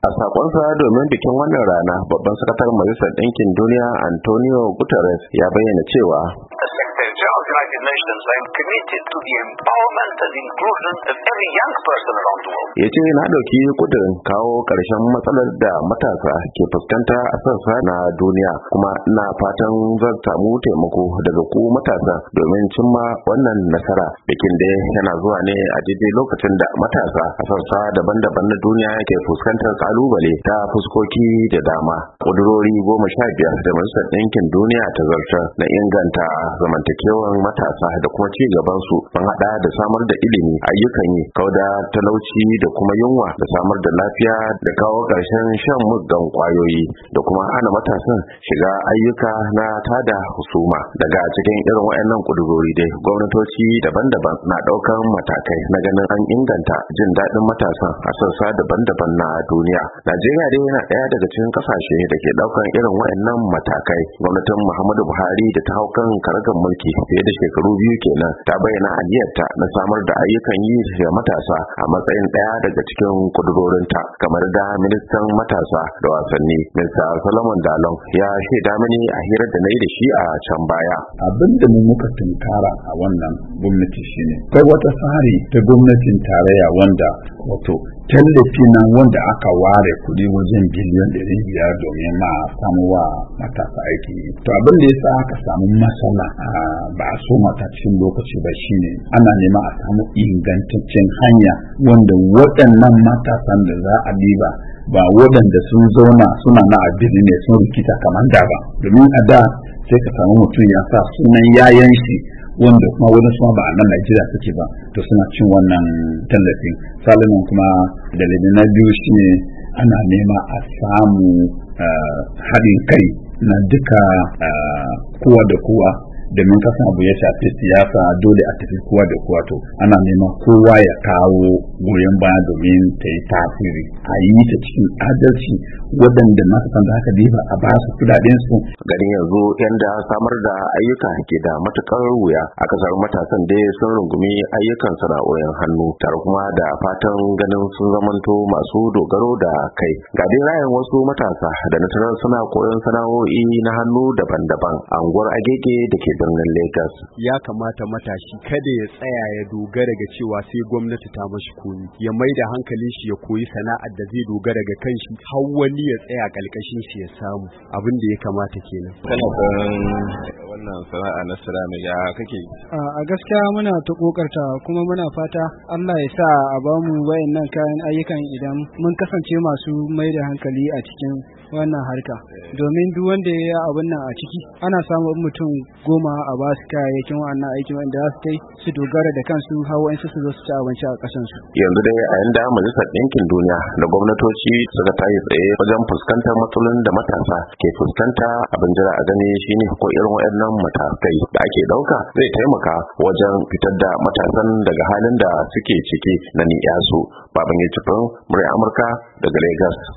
a sakonsa domin bikin wannan rana babban sakataren majalisar ɗinkin duniya antonio guterres ya bayyana cewa United Nations, committed to the empowerment and inclusion of every young person around the world. Ya na ɗauki kudirin kawo ƙarshen matsalar da matasa ke fuskanta a sassa na duniya kuma na fatan zan samu taimako daga ku matasa domin cimma wannan nasara. Bikin da yana zuwa ne a daidai lokacin da matasa a sassa daban-daban na duniya ke fuskantar kalubale ta fuskoki da dama. Ƙudurori goma sha biyar da Majalisar Ɗinkin Duniya ta zartar na inganta zamantakewar matasa da kuma ci gaban su sun hada da samar da ilimi ayyukan yi kauda talauci da kuma yunwa da samar da lafiya da kawo ƙarshen shan muggan kwayoyi da kuma hana matasan shiga ayyuka na tada husuma daga cikin irin waɗannan ƙudurori dai gwamnatoci daban-daban na ɗaukar matakai na ganin an inganta jin daɗin matasan a sassa daban-daban na duniya najeriya dai yana ɗaya daga cikin ƙasashe da ke ɗaukar irin waɗannan matakai gwamnatin muhammadu buhari da ta hau kan karagar mulki fiye da shekaru biyu kenan ta bayyana ajiyarta na samar da ayyukan yi ga matasa a matsayin ɗaya daga cikin kudurorinta kamar da ministan matasa da wasanni minista Solomon Dalon ya shaida mini a hirar da na yi da shi a can baya. Abin da mu muka tunkara a wannan gwamnati shine. Kai wata tsari ta gwamnatin tarayya wanda wato tallafi nan wanda aka ware kuɗi wajen biliyan ɗari biyar domin ma samu wa matasa aiki to abin da yasa aka samu matsala ba a so mata cikin lokaci ba shine ana nema a samu ingantaccen hanya wanda waɗannan matasan da za a bi ba waɗanda sun zauna suna na addini ne sun rikita kamar da ba domin a da sai ka samu mutum ya sa sunan yayan shi wanda kuma wani suma ba a nan Najeriya suke ba to suna cin wannan tallafin salimin kuma dalilin na biyu shine ana nema a samu eh, haɗin kai na duka eh, kowa da kowa domin kasan abu ya shafi siyasa dole a tafi kowa da kowa to ana nema kowa ya kawo goyon baya domin ta yi tasiri a yi ta cikin adalci waɗanda masu san da haka ba a ba su kudaden su garin yanzu yanda samar da ayyuka ke da matukar wuya aka samu matasan da sun rungumi ayyukan sana'o'in hannu tare kuma da fatan ganin sun zamanto masu dogaro da kai ga dai rayan wasu matasa da na suna koyon sana'o'i na hannu daban-daban a unguwar agege da ke birnin Lagos ya kamata matashi kada ya tsaya ya dogara ga cewa sai gwamnati ta mashi goyi ya mai da hankali shi ya koyi sana'ar da zai dogara ga kanshi har wani ya tsaya kalkashin shi ya samu abin da ya kamata kenan wannan sana'a na salama ya kake a gaskiya muna ta kokarta kuma muna fata Allah ya sa a ba mu wayannan kayan ayyukan idan mun kasance masu mai da hankali a cikin wannan harka domin duk wanda ya abin nan a ciki ana samun mutum goma a ba su kayayyakin wannan aikin wanda za su kai su dogara da kansu har in su zo su ci abinci a kasansu yanzu dai a yanda majalisar ɗinkin duniya da gwamnatoci suka tayi tsaye wajen fuskantar matsalolin da matasa ke fuskanta abin jira a gani shine ko irin waɗannan matakai da ake ɗauka zai taimaka wajen fitar da matasan daga halin da suke ciki na ni'yasu babangida cikin murya amurka daga lagos